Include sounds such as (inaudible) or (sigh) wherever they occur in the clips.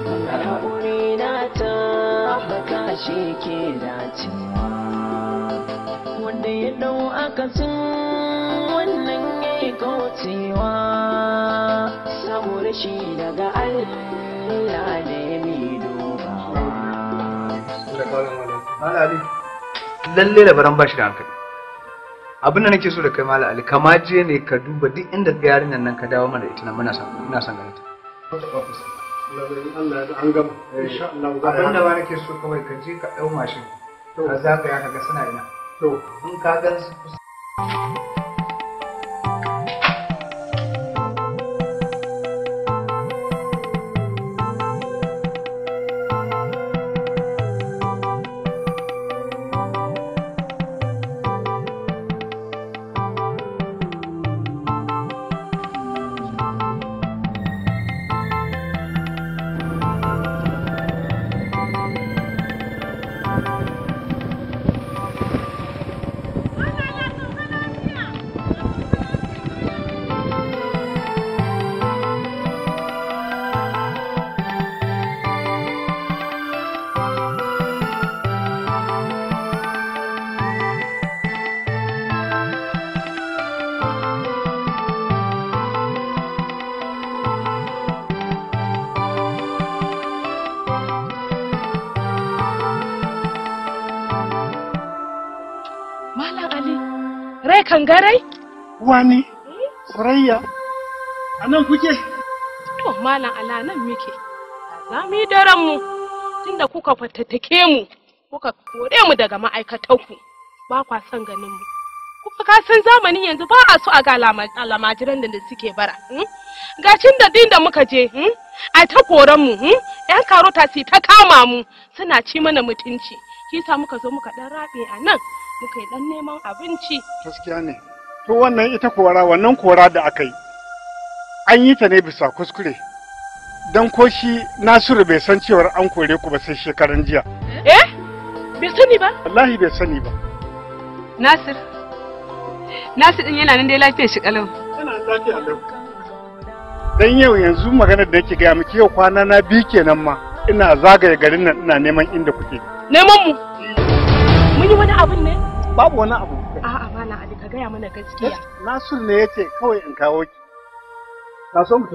Haƙuri ta ke dacewa. Wanda ya ɗau akasin wannan ya yi shi daga Allah lalle da baran bashi da hankali abin da nake so da kai mala ali kama je ne ka duba duk inda yarinyar nan ka dawo mana ita nan muna son ganin ta Allah ya an gama eh, nake so kawai ka je ka ɗau mashin ka ka ga suna ina to in ka kangarai? Wani, Surayya, a nan kuke? To, Malam Ala nan muke, za mu yi mu tunda kuka fatattake mu, kuka kore mu daga ma'aikatanku, ba kwa son ganin mu. Kuka kasan zamanin yanzu ba a so a ga alamajiran da suke bara. Hmm? cin da din da muka je, hmm? a ta koran mu, hmm? 'yan karota su ta kama mu, suna ci mana mutunci. Kisa muka zo muka ɗan rabe a nan, muka yi dan neman abinci gaskiya ne to wannan ita kora wannan kora da aka yi an yi ta ne bisa kuskure dan ko shi nasiru bai san cewar an kore ku ba sai shekaran jiya eh bai sani ba wallahi bai sani ba nasir nasir din yana nan dai lafiya shi kalau yana lafiya lau dan yau yanzu maganar da yake gaya miki yau kwana na biyu kenan ma ina zagaye garin nan ina neman inda kuke neman mu mun yi wani abin ne babu wani abu a'a bana ali ka gaya mana gaskiya nasir ne yace kawai in kawo ki na so mu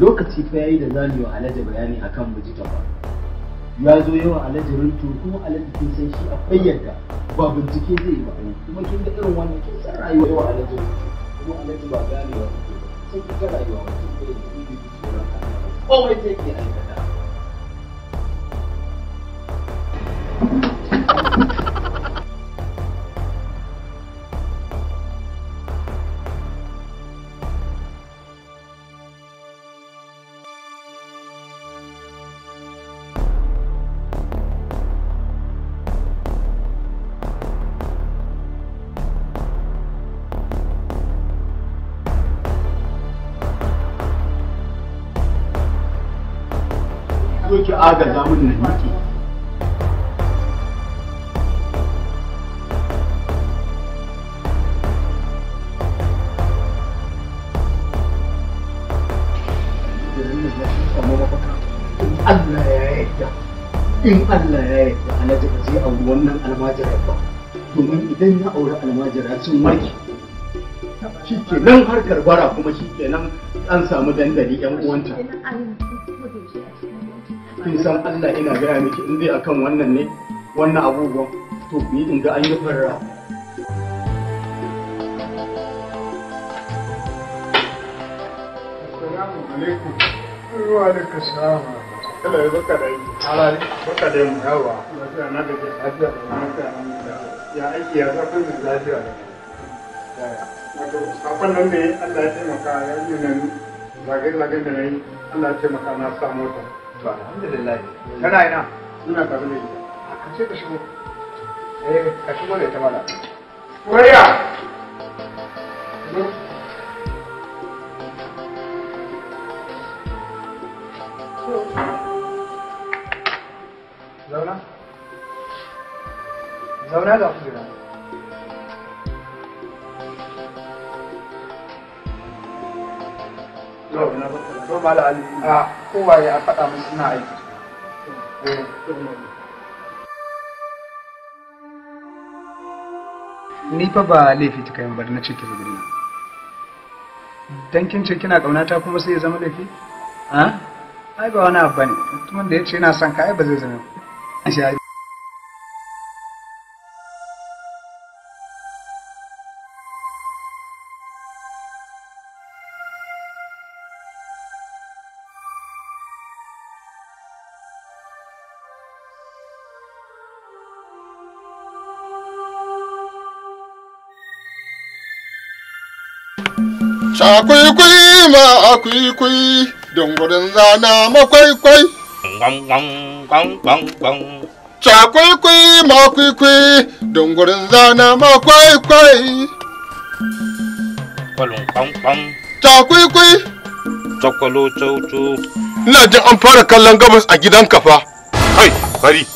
lokaci fa yayi da zani wa alaji bayani akan miji tafa ya zo yawa alaji runtu kuma alaji kin san shi a fayyarka ba bincike zai yi ba kuma kin ga irin wannan kin san rayuwa yawa alaji kuma alaji ba wa sai kin ga rayuwa mutum yi da ibi tsoron ka wai zai ke aikata agaza min na miƙe Allah ya in Allah ya yarda alhaji ka je a wannan almajirar ba domin idan ya auri almajira sun warke shi ke nan harkar bara kuma shi ke nan an samu dandali yan uwanta. kun san Allah ina gaya miki in dai akan wannan ne wannan abubuwan to bi in ga an yi farra Assalamu alaikum. baka da yi. Baka da na Ya aiki ya zafin da lafiya. ya taimaka ya yi nan zagin da na yi Allah ya taimaka na samu to alhamdulillah tana da ah, eh, Zauna? Zauna da kowaye a faɗa musu na aiki ni fa ba laifi kai yin bari na ce ki zubiri dan kin ce kina ƙaunata kuma sai ya zama laifi Ha? Ah? ai ba wani abu bane mutumin da ya ce yana son ka ai ba zai zama shi Cakwaikwai ma akwaikwai dungurin zana makwaikwai. Cakwaikwai ma akwaikwai dungurin zana makwaikwai. Cakwaikwai. Cakwalo caucu. Ina jin an fara kallon gabas a gidan kafa. Kai, bari,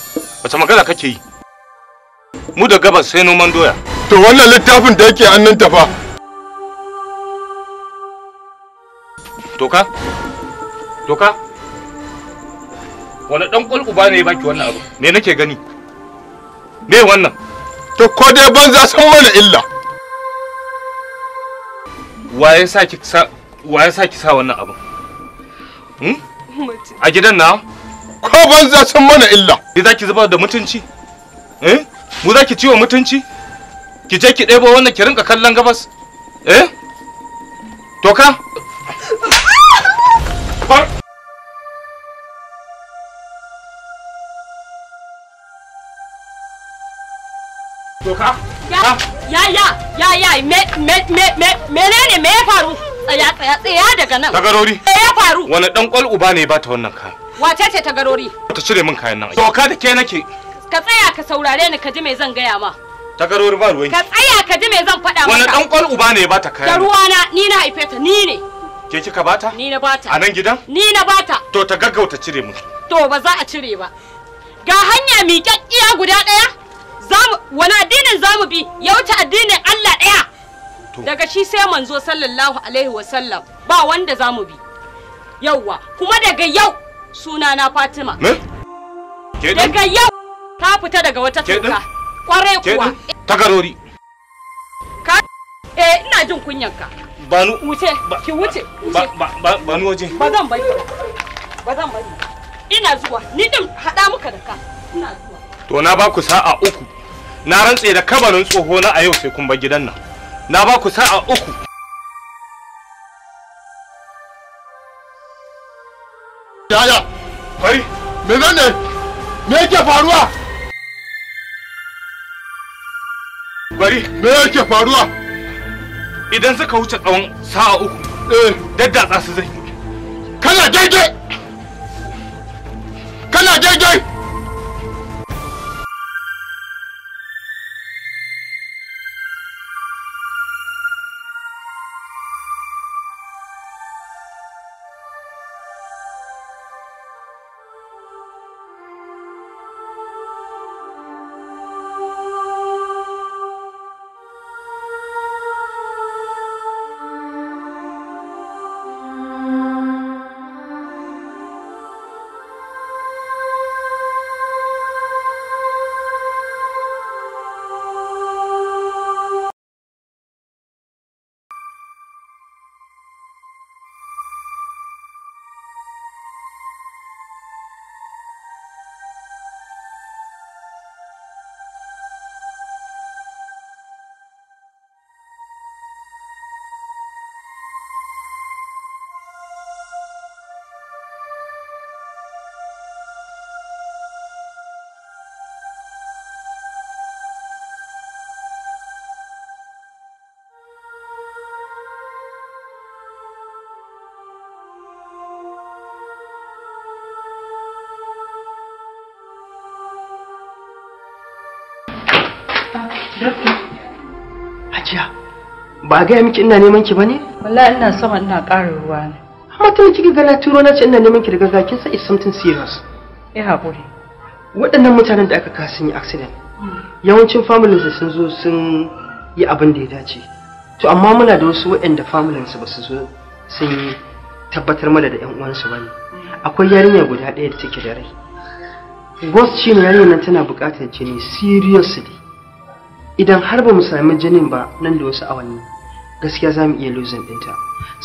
wace magana kake yi? Mu da gabas sai noman doya. To wannan littafin da yake annan tafa. toka Doka? Wani kulku ba ne ya baki wannan abu? Me nake gani? Me wannan? To ko dai banza san mana illa. Waye sa ki sa waye sa ki sa wannan abu? Hmm? A gidan na? Ko banza san mana illa. ki za ki zubar da mutunci? Eh? Mu za ki ciwo mutunci? Ki je ki ɗebo wannan ki rinka kallon gabas? Eh? Toka? hauka ya ya ya ya me me me me menene me ya faru tsaya tsaya tsaya daga nan tagarori me ya faru wani dan kwal uba ne ba ta wannan kayan wace ce tagarori ta cire min kayan nan doka da ke nake ka tsaya ka saurare ni ka ji me zan gaya ma tagarori ba ruwanki ka tsaya ka ji me zan faɗa maka wani dan kwal uba ne ba ta kayan da ruwana ni na haife ta ni ne ke kika bata ni na bata a nan gidan ni na bata to ta gaggauta cire mu to ba za a cire ba ga hanya miƙaƙƙiya guda ɗaya wani addinin za mu bi ya wuce addinin Allah ɗaya daga shi sai manzo sallallahu alaihi wasallam ba wanda za mu bi yauwa kuma daga yau suna na Fatima daga yau ta fita daga wata tuka kwarai kuwa takarori ka eh ina jin kunyanka banu wuce ki wuce banu waje ba zan bari ba zan bari ina zuwa ni din hada muka da ka ina zuwa to na ba ku sa'a uku na rantse da kabarin tsoho na a yau sai kun bar gidan nan na ba ku sa'a uku yaya kai me ne me yake faruwa bari me yake faruwa idan suka wuce tsawon sa'a uku eh daddatsa su zai kana daidai kana daidai Hajiya, ba gaya miki ina neman ki bane? Wallahi ina son ina ƙara ruwa ne. Amma tun kika ga na turo na ce ina neman ki daga ga kin sa is something serious. Eh hakuri. Waɗannan mutanen da aka kawo sun yi accident. Yawancin families sun zo sun yi abin da ya dace. To amma muna da wasu waɗanda families ba su zo sun yi tabbatar mana da 'yan uwansu ba ne, Akwai yarinya guda ɗaya da take da rai. Ghost ne yarinyar nan tana buƙatar jini seriously. idan har ba mu sami jinin ba nan da wasu awanni gaskiya za mu iya losing ɗinta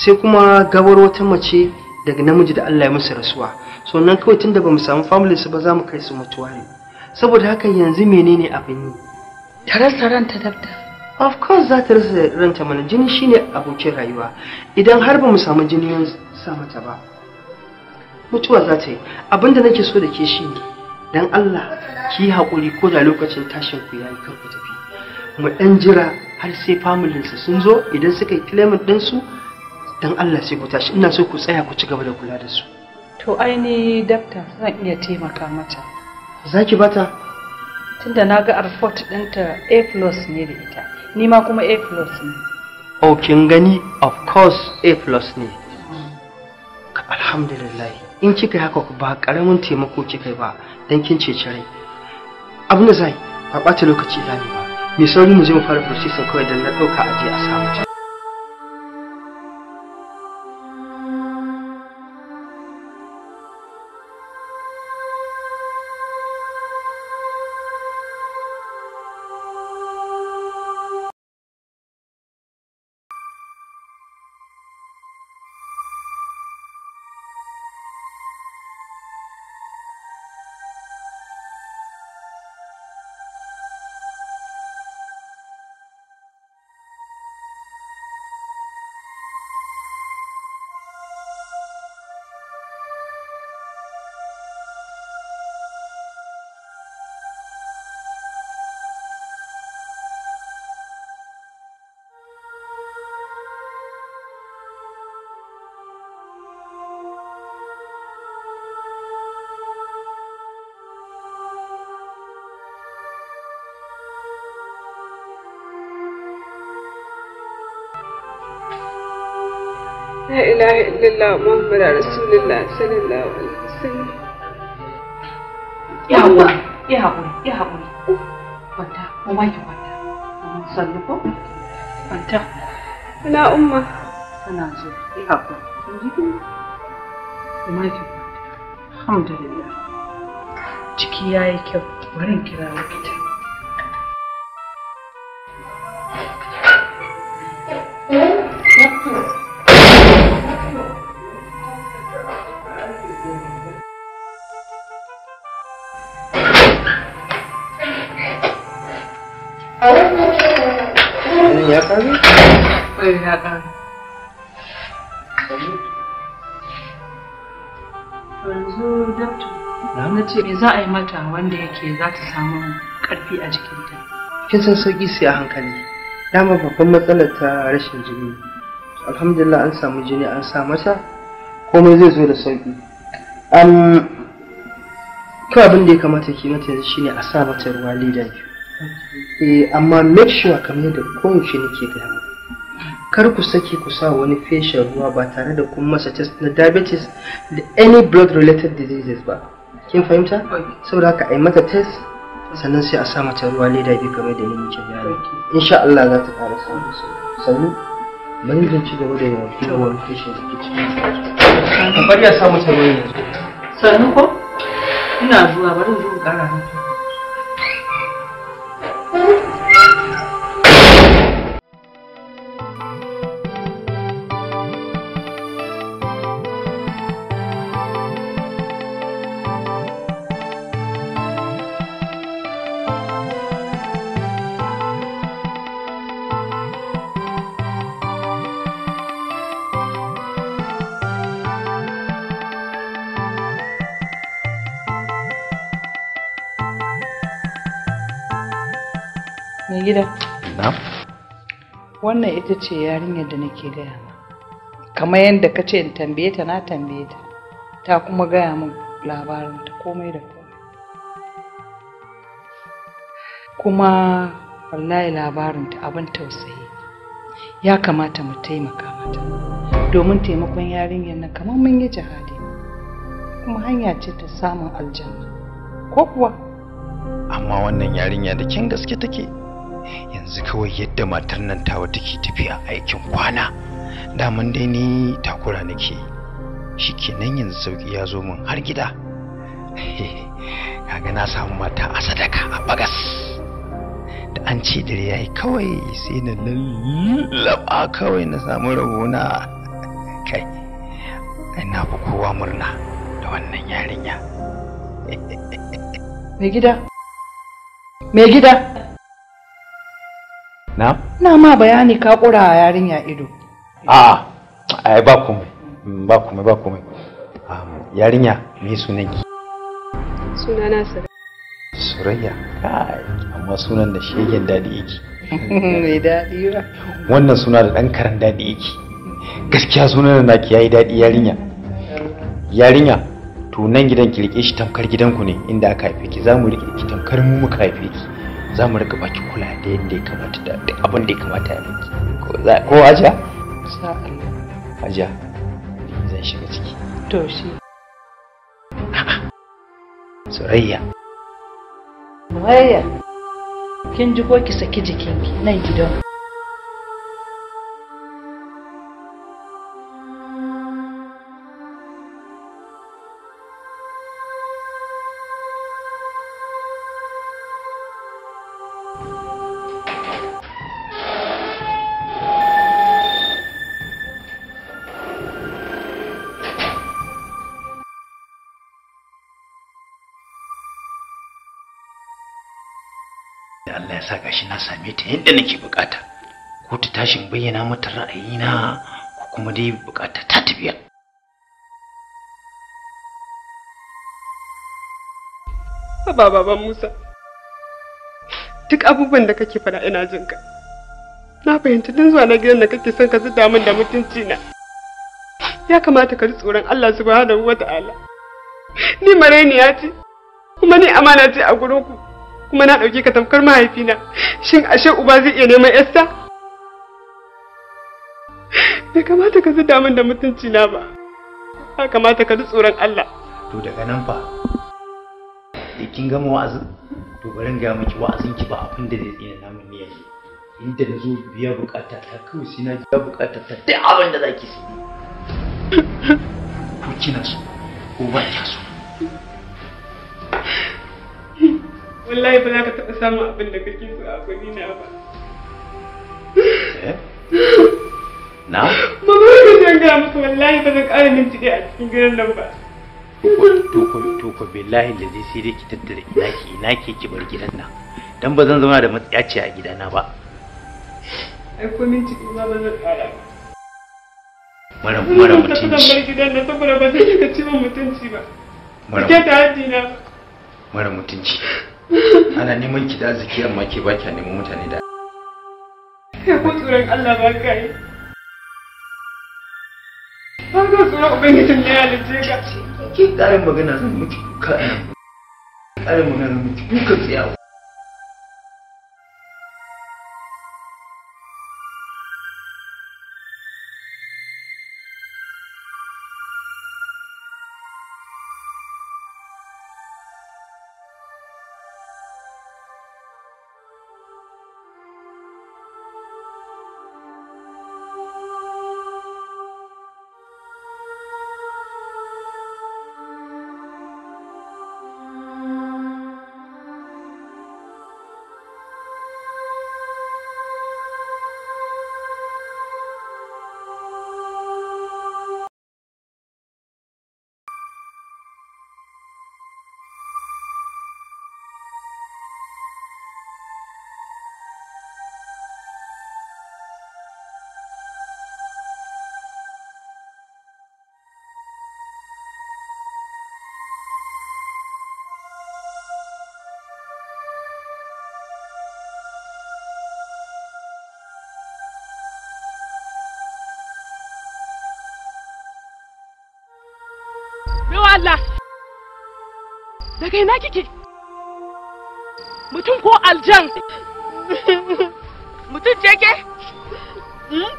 sai kuma gawar wata mace daga namiji da Allah ya musu rasuwa so nan kawai tunda ba mu sami family su ba za mu kai su mutuwa ne saboda haka yanzu menene abin yi ta rasa ranta dabda of course za ta rasa ranta mana jini shine abokin rayuwa idan har ba mu samu jini yan sa mata ba mutuwa za ta yi abinda nake so da ke shi ne, dan Allah ki yi haƙuri ko da lokacin tashin ku yayi karkuta mu ɗan jira har sai familinsa sun zo idan suka yi claimant ɗinsu don Allah sai ku tashi ina so ku tsaya ku ci gaba da kula da su. To aini dakta zan iya taimaka mata. Za ki bata? Tunda na ga report ɗinta A plus ne da ita, ni ma kuma A plus ne. Oh kin gani of course A plus ne. Alhamdulillah in kika haka ba karamin taimako kika ba don kin ceci rai. Abin da zai ba ɓata lokaci zami ba. mai sauri mu je mu fara processing kawai don na ɗauka aje a samu La ilaha illallah Muhammadu Rasulullah sallallahu alaihi wasallam. Ya haƙuri, ya haƙuri, ya haƙuri. Kwanta, mu ma ki kwanta. sannu ko? Kwanta. Ina umma. Tana zo, ya haƙuri. Kun ji kin? ma ki kwanta. Alhamdulillah. Ciki yayi kyau. Bari kira likita. za a yi mata wanda yake za ta samu ƙarfi a jikinta kin san sauki sai a hankali dama babban matsalar ta rashin jini alhamdulillah an samu jini an sa mata komai zai zo da sauki um, kawai abin da ya kamata ki mata yanzu shine a sa mata ruwa leda biyu eh, amma make sure kamar yadda koyaushe nake gaya kar ku sake ku sa wani feshin ruwa ba tare da kun masa test na diabetes da any blood related diseases ba kin fahimta saboda haka a yi mata test sannan sai a sa mata ruwa leda biyu kamar da ni muke bayani insha Allah za ta ƙara samu sannan bari zan ci gaba da yawan kishin da ke cikin bari ya sa mata ruwa yanzu sannan ko ina zuwa bari zan ƙara mata gida. Na? Wannan ita ce yarinyar da nake gaya ma. Kamar yadda ka ce in tambaye ta na tambaye ta. Ta kuma gaya min labarin ta komai da komai. Kuma wallahi labarin ta abin tausayi. Ya kamata mu taimaka mata. Domin taimakon yarinyar nan kamar mun yi jihadi. Kuma hanya ce ta samun aljanna. Ko kuwa? Amma wannan yarinya da kin gaske take. yanzu kawai yadda matar nan ta tawa take tafiya aikin kwana daman dai ni takura nake shikenan yanzu sauki ya zo min har gida (laughs) kaga na samu mata a sadaka a bagas da an ce dare yayi kawai sai na lallaba kawai na samu rabona kai ina fi kowa murna da wannan yarinya (laughs) mai gida gida na? na ma bayani ka kura a yarinya ido a ai ba komai mm, ba komai ba komai yarinya sunan ki sunana sarai Surayya kai amma sunan da shegen dadi yake. (laughs) Mai dadi ba. Wannan suna da ɗan karan daɗi yake. Gaskiya sunan da naki yayi daɗi yarinya. Yarinya to nan gidan ki rike shi tamkar gidanku ne inda aka haife ki za mu rike ki tamkar mu muka haife ki. za mu rika baki kula da yadda ya kamata da abin da ya kamata ya miki ko aja sa Allah aja zan shiga ciki to shi Surayya Surayya kin ji ko ki saki jikinki nan gidan yasa gashi na same ta yadda nake bukata ko ta tashin bayyana mata ra'ayina ko kuma dai bukata ta tafiya Haba baban Musa duk abubuwan da kake fara ina jin ka na fahimci tun zuwa na gidan da kake son ka zuta min da mutunci na ya kamata ka ji tsoron Allah subhanahu wata'ala ni ya ci kuma ni amana ce a gurin ku kuma na ɗauke ka tamkar mahaifina shin ashe uba zai iya neman yasta bai kamata ka zida min da mutunci na ba ya kamata ka ji tsoron Allah to daga nan fa da kin gama wa'azin to bari in ga miki wa'azin ki ba abin da zai tsina namun mun yayi inda na zo biya bukata ta kawai sai na biya bukata ta duk abin da zaki su (laughs) ko kina so ko ba kya so wallahi ba za ka taɓa samun abin da kake so a gani eh? (laughs) na ba na ba ba ka gaya musu wallahi ba zan ƙara minti ɗaya a cikin gidan nan ba toko billahi da zai sai dai ki tattara ina ki ina ke ki bar gidan nan dan ba zan zauna da matsiyaci a gidana ba ai ko min ɗaya ma ba zan ƙara ba mara mara mutunci ba zan gidan nan saboda ba zan kika ci mutunci ba mara mutunci ana neman ki da arziki amma ke baki ki neman mutane da ko tsoron Allah ba ka yi ga ka tsoron ubangijin ne ya lice ka ki karin magana zan miki kuka ƙarin magana zan miki kuka tsayawa Allah daga ina kike mutum ko aljan mutum ce ke hmm?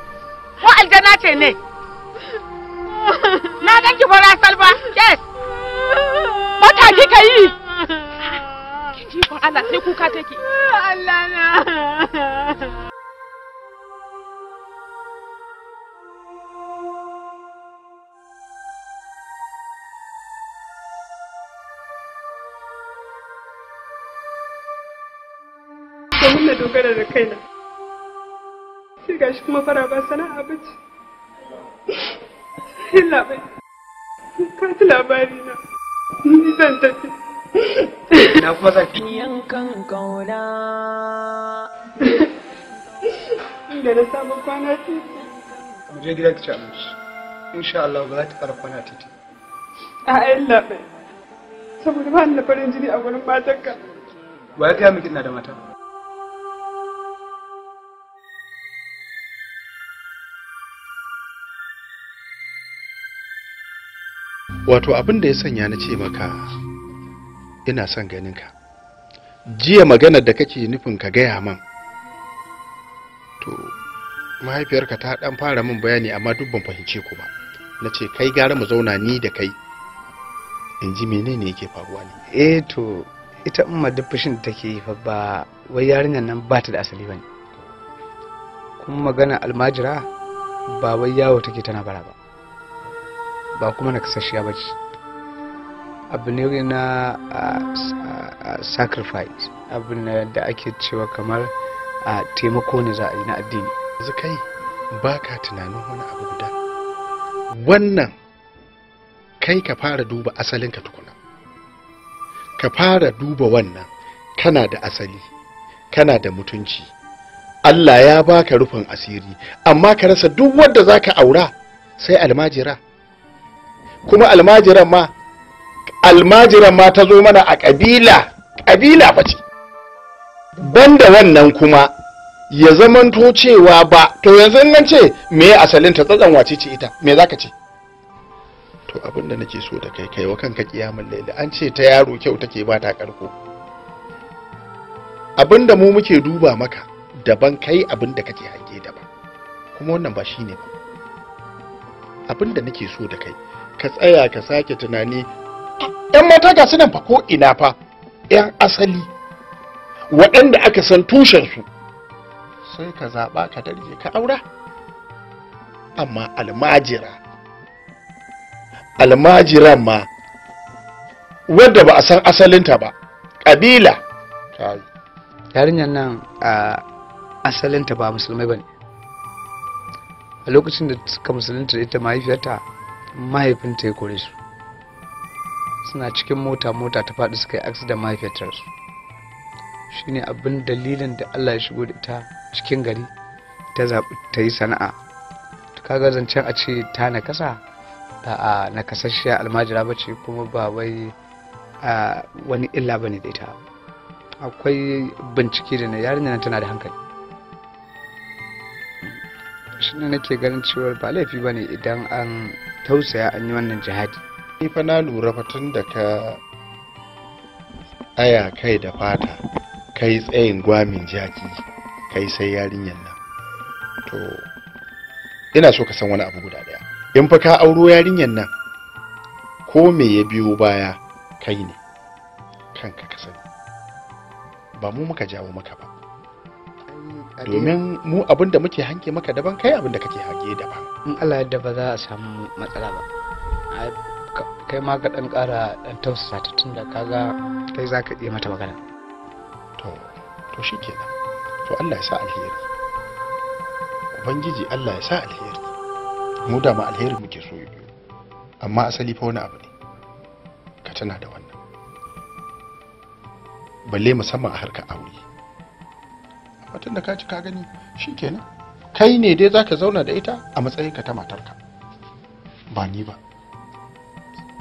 ko aljana ce ne na ganki fara salba yes mata kika yi kin ji Allah sai kuka take Allah na na dogara da kaina sai gashi kuma fara ba sana'a ba ce yalla bai ka ci labari na ni zan tafi na kuma fi. yankan kauna inda na samu kwana titi mu je gida ki ci abinci insha Allah ba za ta fara kwana titi a yalla bai saboda ba ni da farin jini a gurin matanka wa ya kai miki ina da mata wato abin da ya sanya na ce maka ina son ganin ka jiya maganar da kake nufin ka gaya man to mahaifiyarka ta dan fara min bayani amma duk ban fahimce ku ba na ce kai gara mu zauna ni da kai in ji menene yake faruwa ne eh to ita umma duk fushin da take yi fa ba wai yarinyar nan ba ta da asali bane kuma magana almajira ba wai yawo take tana bara ba ba kuma na nakasashiya ba ce abu ne na sacrifice abu da ake cewa kamar a taimako ne za a yi na addini yanzu kai ba ka tunanin wani abu guda wannan kai ka fara duba asalinka tukuna ka fara duba wannan kana da asali kana da mutunci Allah ya baka rufin asiri amma ka rasa duk wanda zaka aura sai almajira kuma almajiran ma almajiran ma ta zo mana a ƙabila ƙabila fa ce banda wannan kuma ya zamanto cewa ba to yanzu nan ce me asalin ta tsatsan wace ce ita me zaka ce to abin da nake so da kai kai wa kanka kiyamun laila an ce ta yaro kyau take ba ta karko abin da mu muke duba maka daban kai abin da kake hange daban kuma wannan ba shine ba abin da nake so da kai ka tsaya ka sake tunani yan mata ga sunan fa ko ina fa yan asali waɗanda aka san tushensu sai ka zaɓa ka dalje ka aura amma almajira almajira ma wadda ba a san asalinta ba ƙabila yarinyar nan a asalinta ba musulmai ba ne a lokacin da suka musulunta ita mahaifiyarta mahaifinta ya kore su suna cikin mota mota ta faɗi suka yi aksida mahaifiyar su ne abin dalilin da Allah ya shigo da ita cikin gari ta zaɓi ta yi sana'a kaga zancen a ce ta na nakasa ba a na nakasasshiyar almajira ba ce kuma ba wai wani illa ba ne da ita akwai bincike da na yarinya tana da hankali shi ne nake ganin cewar ba laifi ba ne idan an tausaya an yi wannan jihadi ni fa na lura fa tun da ka aya kai da fata kai tsayin gwamin jaki kai sai yarinyar nan to ina so ka san wani abu guda daya in fa ka auro yarinyar nan ko me ya biyo baya kai ne kanka ka sani ba mu muka jawo maka ba domin mu abin da muke hanke maka daban kai abin da kake hage daban in Allah yadda ba za a samu matsala ba kai ma ka dan kara dan tausasa ta tunda kaga kai za ka iya mata magana to to shikenan to Allah ya sa alheri ubangiji Allah ya sa alheri mu da ma alheri muke so yi amma asali fa wani abu ne ka tana da wannan balle musamman a harkar aure da ka ci ka gani kenan kai ne dai zaka zauna da ita a matsayinka ta matarka ba ni ba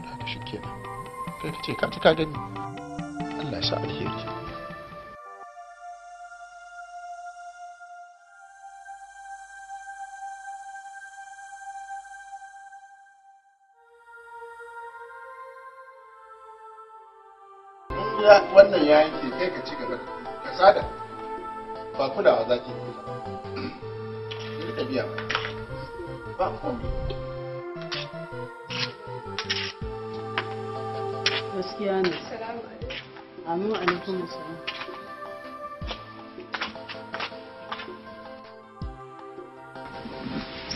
haka kenan kai ka ce ka ci ka gani Allah ya sa alheri wannan ya yanke kai ka ci gaba ka sada ba ku da ki zaki ku rika biya ba ku gaskiya ne amma alaikum assalam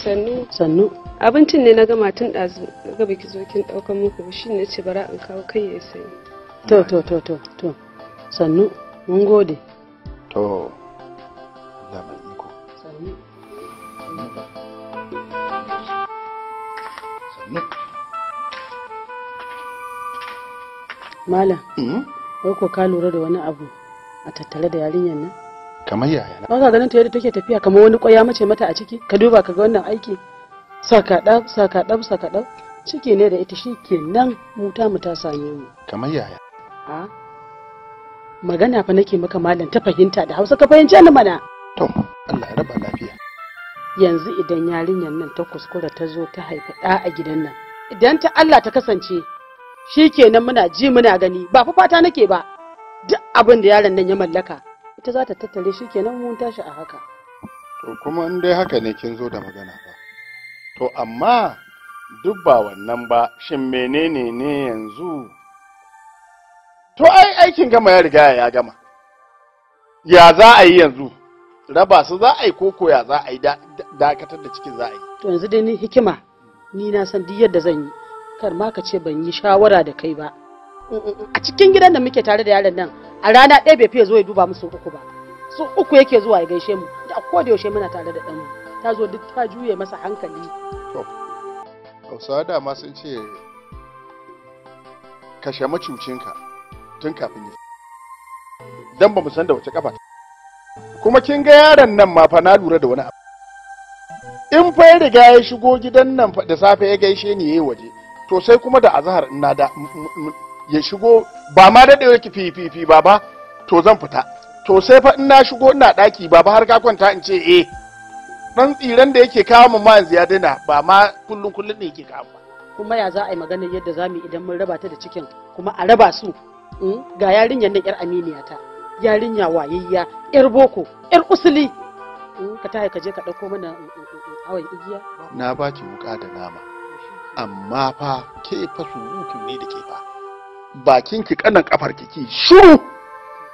sannu sannu abincin ne na gama tun ɗazu ga baki zo kin ɗaukar muku ba shi ne ce bara in kawo kai ya sayi to to to to to sannu mun gode to Malam, hmm? wai ko ka lura da wani abu a tattare da yarinyar nan? Kamar yaya na? Ba ganin ta yadda take tafiya kamar wani ƙwaya mace mata a ciki, ka duba ka ga wannan aiki. Sakaɗab, sakaɗab, sakaɗab, ciki ne da ita shi ke nan muta mu ta same mu. Kamar yaya? A? Magana fa nake maka malam ta fahimta da Hausa ka fahimci ni mana. To, Allah ya raba lafiya. yanzu idan yarinyar nan ta kuskura ta zo ta haifi ɗa a gidan nan idan ta Allah ta kasance shi kenan muna ji muna gani ba fa fata nake ba duk abin da yaron nan ya mallaka ita za ta tattare shi kenan mun tashi a haka to kuma in dai haka ne kin zo da magana ba to amma duk ba wannan ba shin menene ne yanzu to ai aikin gama ya riga ya gama ya za a yi yanzu raba su za a yi ko koya za a yi dakatar da cikin za a yi to yanzu dai ni hikima ni na san duk yadda zan yi kar ma ka ce ban yi shawara da kai ba a cikin gidan da muke tare da yaron nan a rana ɗaya bai fiye zo ya duba musu uku ba su uku yake zuwa ya gaishe mu da ko da yaushe muna tare da ɗanmu ta zo duk ta juye masa hankali to hausawa dama sun ce kashe macucinka tun kafin yi dan ba mu san da wace kafa kuma kin ga yaron nan ma fa na lura da wani abu in fa ya riga ya shigo gidan nan da safe ya gaishe ni yayi waje to sai kuma da azhar ina da ya shigo ba ma daɗewa yake fififi ba ba to zan fita to sai fa ina shigo ina ɗaki baba har ka kwanta in ce eh dan tsiran da yake kawo mu ma yanzu ba ma kullun kullun ne yake kawo kuma ya za a yi maganar yadda za mu idan mun raba ta da cikin kuma a raba su mm, ga yarinyar nan yar aminiya ta yarinya wayayya yar boko yar usuli ka taya ka je ka ɗauko mana eh, eh, eh, awai igiya na baki wuka da nama amma fa ke fa surutu ne da ke fa bakin ki kanan kafar ki shu shiru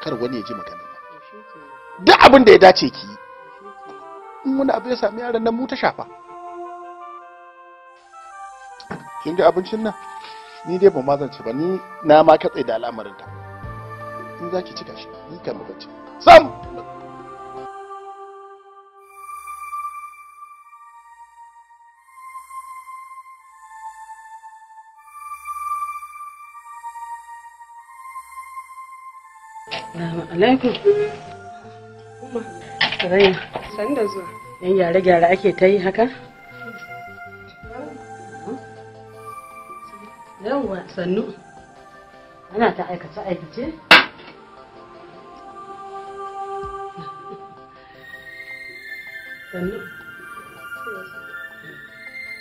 kar wani ya ji magana duk abin da ya dace ki in wani abu ya sami yaran nan mu ta shafa kin ga abincin nan ni dai ba ma zan ba ni na ma katse da al'amarin ta in za ki cika shi ni kan sam alaikum yan gyare-gyare ake yi haka yawwa sannu ana ta aikace-aikace sannu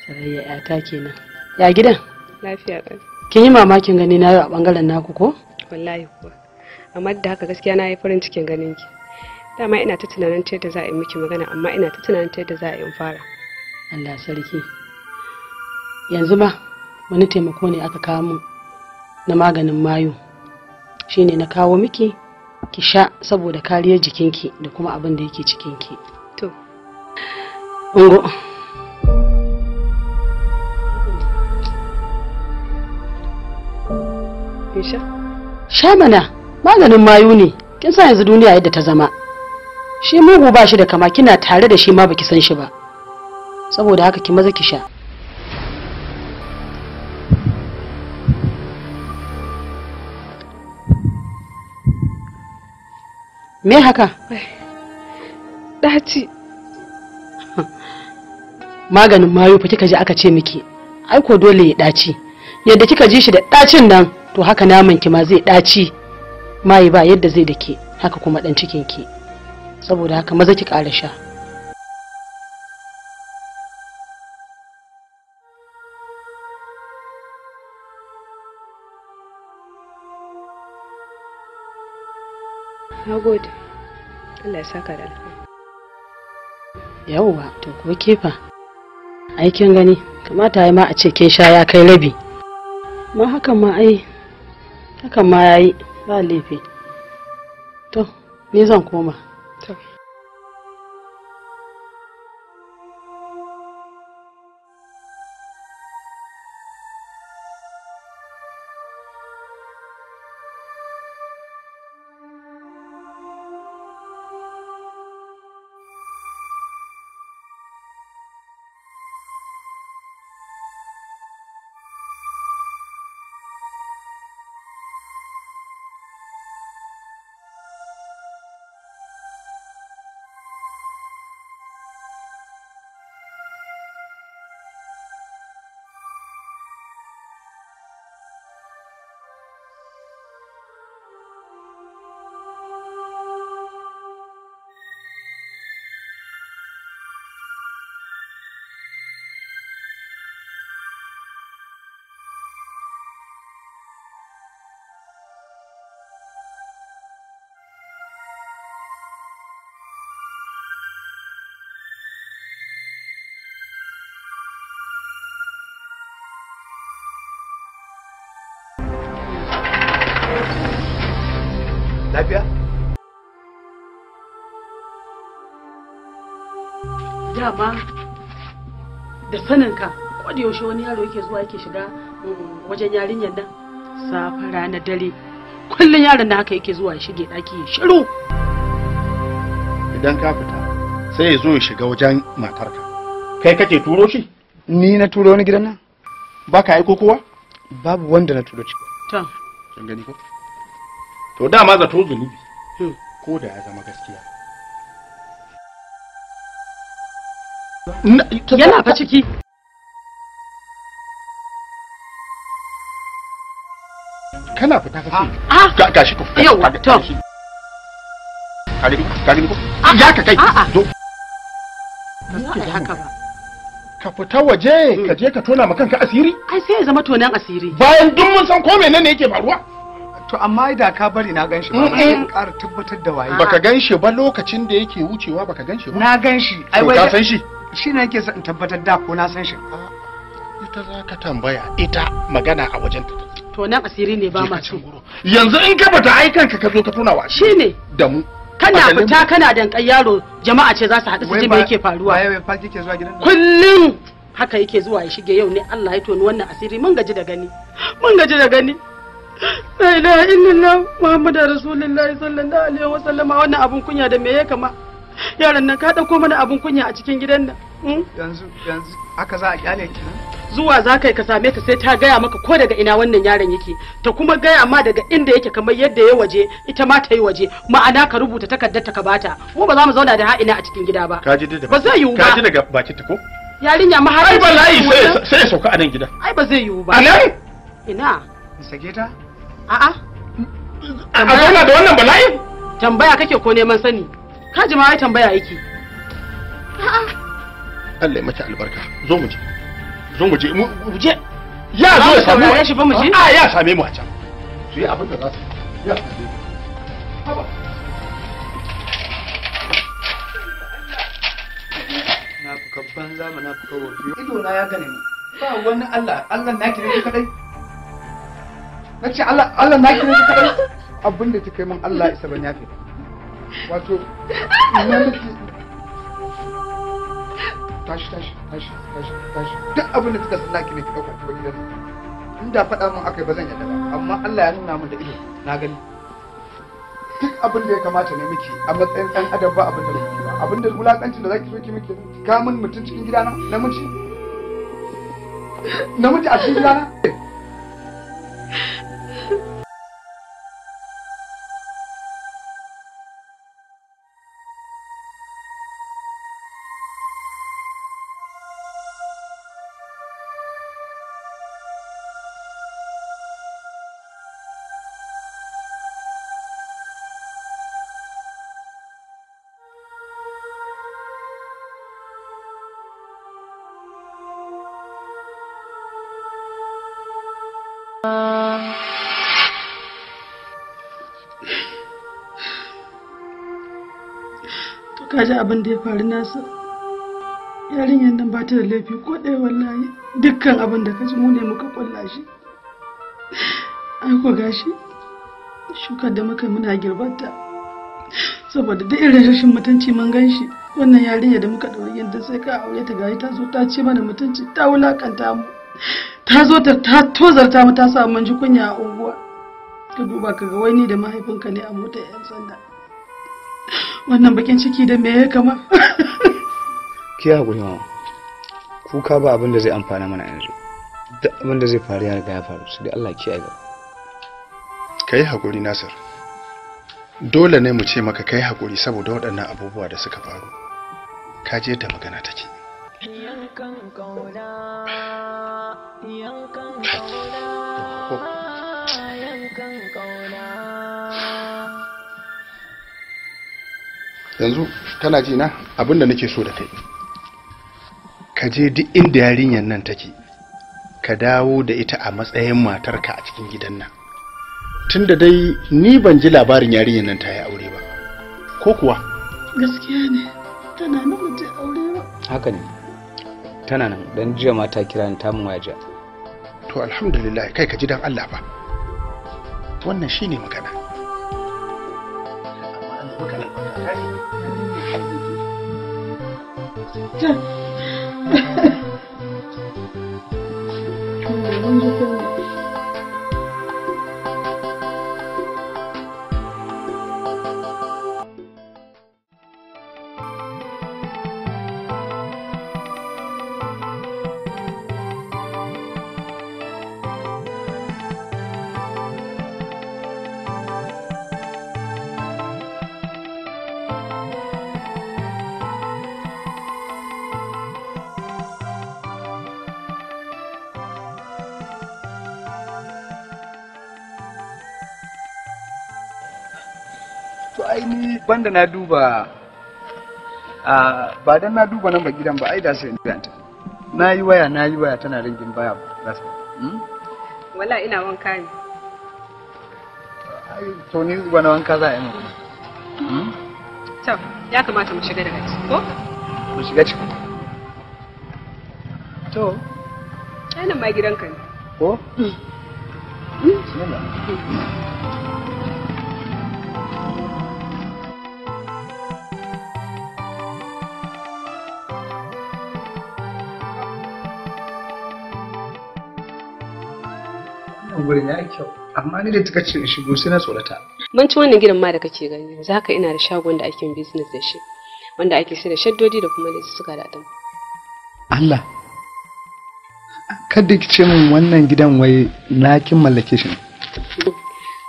sarayya yata kenan ya gidan lafiya ɗan kin yi mamakin gani na a bangaren naku ko wallahi kuwa amma da haka gaskiya na yi farin cikin ganin ki dama ina ta tunanin ta yadda za a yi miki magana amma ina ta tunanin ta yadda za a yi fara Allah sarki yanzu ba wani taimako ne aka kawo mu na maganin mayu shine na kawo miki ki sha saboda kariyar jikinki da kuma abin da yake cikinki Shamana, Sha mana maganin mayu ne, kin sa yanzu duniya yadda ta zama. Shi mugu ba shi da kama kina tare da shi ma baki san shi ba. Saboda haka ki maza ki sha. Me haka? maganin mayu fa kika ji aka ce miki ai ko dole ya daci yadda kika ji shi da dacin nan to haka naman ki ma zai daci mai ba yadda zai dake haka kuma dan cikin ki saboda haka maza ki ƙara sha nagode Allah ya saka da alheri yawwa to ko kefa aikin gani kamata ya ma a ce kin sha ya kai rabi ma hakan ma ai hakan ma yayi ba laifi to ni zan koma Lafiya? Dama da saninka da yaushe wani yaro yake zuwa yake shiga mm, wajen yarinyar nan safa rana dare kullum yaron da haka yake zuwa ya shige ɗaki ya shiru idan ka fita sai ya zo ya shiga wajen matarka kai kake turo shi ni na turo wani gidan nan ba ka aiko kowa babu wanda na turo shi kin gani ko to dama zato zunubi hmm. ko da ya zama gaskiya yana fa ciki kana fita ka ce ah. Ah. ga shi to yawa to ka gani ko ya ah. ka kai zo haka ba ka fita waje hmm. ka je ka tona ma kanka asiri ai sai ya zama tonan asiri bayan duk mun san ko menene yake faruwa to amma da ka bari na ganshi ba na ƙara tabbatar da waye baka ganshi ba lokacin da yake wucewa baka ganshi ba na ganshi ai wai ka san shi shi ne yake in tabbatar da ko na san shi ita za ka tambaya ita magana a wajen ta to nan asiri ne ba ma yanzu in ka bata kanka ka zo ka tona wa shi ne da mu kana fita kana dankan yaro jama'a ce za su haɗu su ji me yake faruwa kullum haka yake zuwa ya shige yau ne Allah ya toni wannan asiri mun gaji da gani mun gaji da gani la ilaha illallah muhammadu rasulullahi sallallahu alaihi wasallam wannan abun kunya da me ya kama yaran nan ka dauko mana abun kunya a cikin gidan nan hmm? yanzu yanzu haka za a kyale ki zuwa za ka ka same ta sai ta gaya maka ko daga ina wannan yaron yake ta kuma gaya ma daga inda yake kamar yadda ya waje ita ma ta yi waje ma'ana ka rubuta takardar ta ka bata mu ba za mu zauna da ha'ina a cikin gida ba ba zai yiwu ba kaji daga baki ta ko yarinya ma har ai bala'i sai ya sauka a nan gida ai ba zai yiwu ba anan ina in sake ta a'a a zauna da wannan bala'i tambaya kake ko neman sani kaji ma ai tambaya yake a Allah ya mata albarka zo mu je zo mu je mu je ya zo ya same mu shi ba mu je a ah, ya same mu a can su yi abin da za su ya same haba na fuka banza mu na fuka wofiyo ido na ya gane ba wani Allah Allah naki ne kadai nace Allah Allah na kire kadai abin da kika yi min Allah isa ban yafe wato na miki tashi tashi tashi tashi tashi duk abin da kika sanna ki ne ki dauka ki wani dare in da faɗa min akai ba zan yadda ba amma Allah ya nuna min da ido na gani duk abin da ya kamata ne miki a matsayin ɗan adam ba abin da miki ba abin da wulakancin da zaki so ki miki ka min mutum cikin gidana namiji namiji a cikin gidana to kaji abin da ya faru nasa yarinyar nan ba ta da laifi ko ɗaya wallahi dukkan abin da ka ji mu ne muka kulla shi ai ko gashi shukar da muka muna girbarta saboda duk irin rashin mutunci mun gan shi wannan yarinya da muka ɗauri yadda sai ka aure ta gari ta zo ta ce mana mutunci ta wulakanta mu ta zo ta ta tozarta mu ta samu mun ji kunya a unguwa ka duba ka ga wani da mahaifinka ne a mota yan sanda wannan bakin ciki da me ya kama (laughs) ki hakuri ma kuka ba abin da zai amfana mana yanzu duk abin da zai faru ya riga ya faru su da Allah kiyaye ka yi hakuri Nasir dole ne mu ce maka ka yi hakuri saboda waɗannan abubuwa da suka faru ka je da magana take tana jina oh. yanzu tana ji na abinda nake so da kai ka je duk inda yarinyar nan take ka dawo da ita a matsayin matarka a cikin gidan nan tunda dai ni ban ji labarin yarinyar nan ta yi aure ba ko kuwa gaskiya ne tana nuna ta aure ba haka ne tana nan don jiya mata kira ta mun waja to alhamdulillah kai ka ji dan Allah ba wannan shine magana da na duba ba dan na duba nan ba gidan ba ai da sai in ta na yi waya na yi waya tana ringin baya ba hmm? wala ina wanka ne to ni wani wanka za a yi mu hmm? to ya kamata mu shiga daga ciki ko mu shiga ciki to ai nan ma gidanka ne ko hmm. kumburin ya yi kyau amma ni da ta kace in shigo sai na tsorata ban ci wannan gidan ma da kake gani yanzu haka ina da shagon da ake business da shi wanda ake sai da shaddodi da kuma suka da adam Allah kada ki ce min wannan gidan wai na kin mallake shi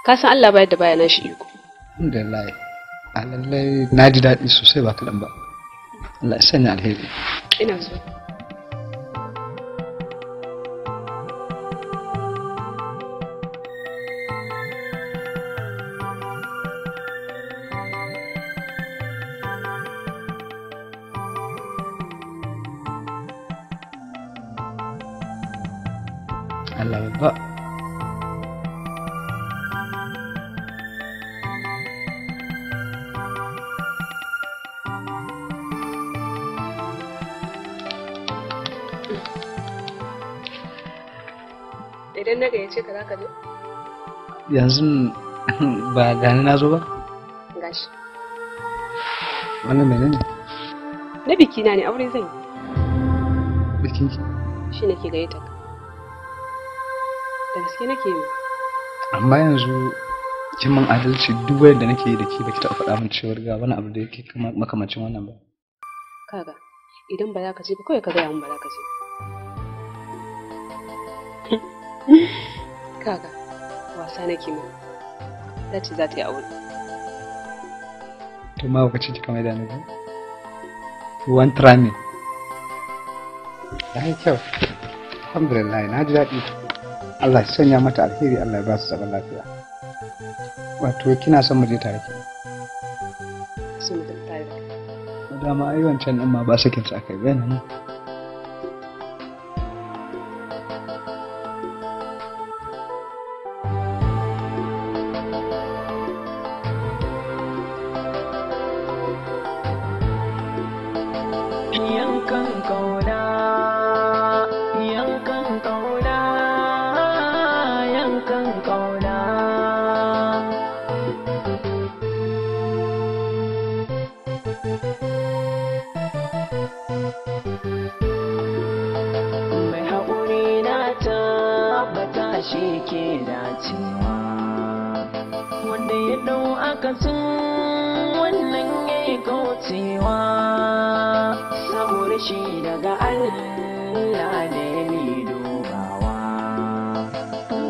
ka san Allah bayar da bayanan shi iko alhamdulillah alhamdulillah na ji daɗi sosai ba kaɗan ba Allah ya sanya alheri ina so. Allah babba idan na gayyace ka zaka je yanzu (laughs) ba gani na zo ba gashi wannan menene na biki na ne aure zan yi bikin ki shi ne ke gayyata ka gaske nake yi amma yanzu kin adalci duk wayar da nake yi da ke baki taɓa faɗa min cewar ga wani abu da yake makamacin wannan ba kaga idan ba za ka ce ba kawai ka gaya min ba za ka ce (laughs) kaga wasa nake min ta ce za ta yi aure to ma ka ce kika mai da ni ba one ya yi kyau alhamdulillah na ji daɗi Allah ya sanya mata alheri Allah ya ba su zaman lafiya wato kina son mu je tare ki sun tare dama ai wancan din ma ba sakin sa kai bayanan shi daga Allah ne ni dubawa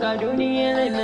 ga duniyar